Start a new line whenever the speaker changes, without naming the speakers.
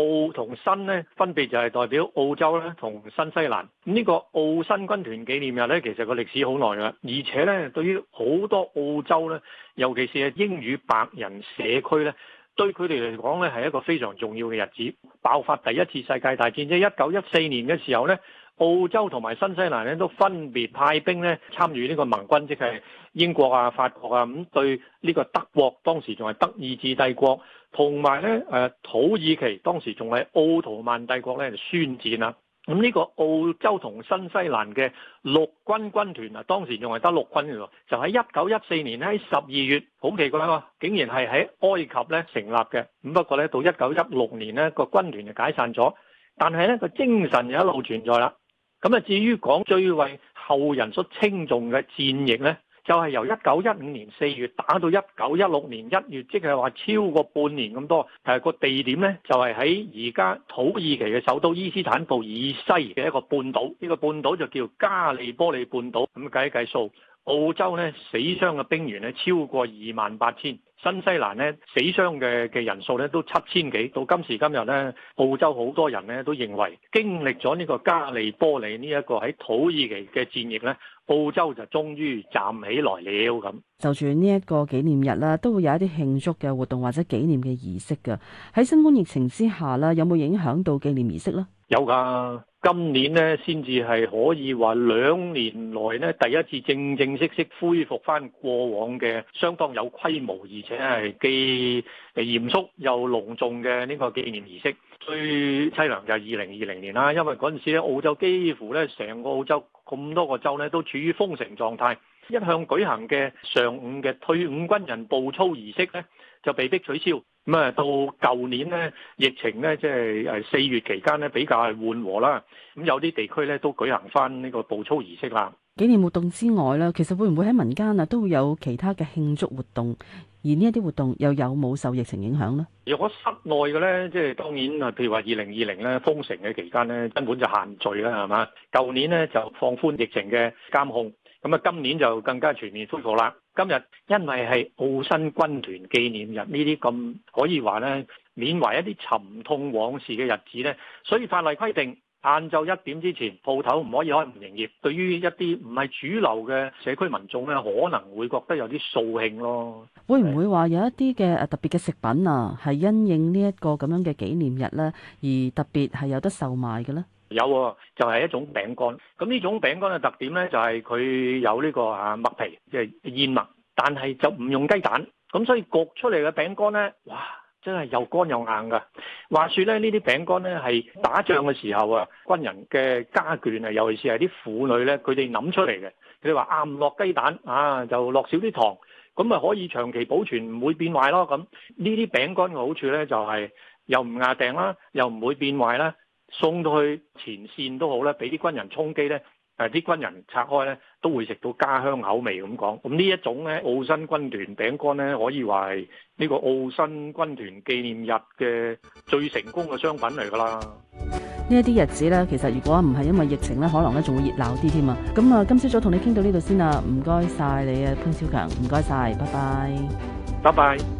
澳同新咧分別就係代表澳洲咧同新西蘭。呢、呢個澳新軍團紀念日咧，其實個歷史好耐㗎，而且咧對於好多澳洲咧，尤其是係英語白人社區咧，對佢哋嚟講咧係一個非常重要嘅日子。爆發第一次世界大戰即係一九一四年嘅時候咧。澳洲同埋新西蘭咧都分別派兵咧參與呢個盟軍，即係英國啊、法國啊咁對呢個德國，當時仲係德意志帝國，同埋咧誒土耳其當時仲係奧圖曼帝國咧宣戰啦。咁呢個澳洲同新西蘭嘅陸軍軍團啊，當時仲係得陸軍嘅喎，就喺一九一四年咧喺十二月，好奇怪啊！竟然係喺埃及咧成立嘅。咁不過咧，到一九一六年呢個軍團就解散咗，但係咧個精神就一路存在啦。咁啊，至於講最為後人所稱重嘅戰役呢，就係、是、由一九一五年四月打到一九一六年一月，即係話超過半年咁多。但誒，個地點呢，就係喺而家土耳其嘅首都伊斯坦布爾以西嘅一個半島，呢、這個半島就叫加利波利半島。咁計一計數。澳洲咧死傷嘅兵員咧超過二萬八千，新西蘭咧死傷嘅嘅人數咧都七千幾。到今時今日咧，澳洲好多人咧都認為經歷咗呢個加利波利呢一個喺土耳其嘅戰役咧，澳洲就終於站起來了咁。
就住呢一個紀念日啦，都會有一啲慶祝嘅活動或者紀念嘅儀式噶。喺新冠疫情之下啦，有冇影響到紀念儀式呢？
有噶。今年呢，先至係可以話兩年來咧，第一次正正式式恢復翻過往嘅相當有規模，而且係既嚴肅又隆重嘅呢個紀念儀式。最凄涼就係二零二零年啦，因為嗰陣時咧，澳洲幾乎咧成個澳洲咁多個州咧都處於封城狀態，一向舉行嘅上午嘅退伍軍人步操儀式咧，就被迫取消。咁啊，到舊年咧，疫情呢，即係誒四月期間咧，比較係緩和啦。咁有啲地區咧，都舉行翻呢個步操儀式啦。
紀念活動之外呢，其實會唔會喺民間啊，都會有其他嘅慶祝活動？而呢一啲活動又有冇受疫情影響呢？
如果室內嘅咧，即係當然啊，譬如話二零二零咧封城嘅期間呢，根本就限聚啦，係嘛？舊年呢就放寬疫情嘅監控。咁啊，今年就更加全面恢復啦。今日因為係澳新軍團紀念日呢啲咁，可以話呢，緬懷一啲沉痛往事嘅日子呢。所以法例規定晏晝一點之前鋪頭唔可以開門營業。對於一啲唔係主流嘅社區民眾呢，可能會覺得有啲掃興咯。
會唔會話有一啲嘅特別嘅食品啊，係因應呢一個咁樣嘅紀念日呢，而特別係有得售賣嘅呢？
有，就係一種餅乾。咁呢種餅乾嘅特點呢，就係佢有呢個啊麥皮，即係燕麥，但係就唔用雞蛋。咁所以焗出嚟嘅餅乾呢，哇，真係又乾又硬噶。話說咧，呢啲餅乾呢，係打仗嘅時候啊，軍人嘅家眷啊，尤其是係啲婦女呢，佢哋諗出嚟嘅。佢哋話啊唔落雞蛋，啊就落少啲糖，咁咪可以長期保存，唔會變壞咯。咁呢啲餅乾嘅好處呢，就係又唔壓定啦，又唔會變壞啦。送到去前線都好咧，俾啲軍人充飢咧，誒啲軍人拆開咧都會食到家鄉口味咁講。咁呢一種咧澳新軍團餅乾咧，可以話係呢個澳新軍團紀念日嘅最成功嘅商品嚟㗎啦。
呢一啲日子咧，其實如果唔係因為疫情咧，可能咧仲會熱鬧啲添啊。咁啊，今朝早同你傾到呢度先啦，唔該曬你啊，潘昭強，唔該曬，拜拜，
拜拜。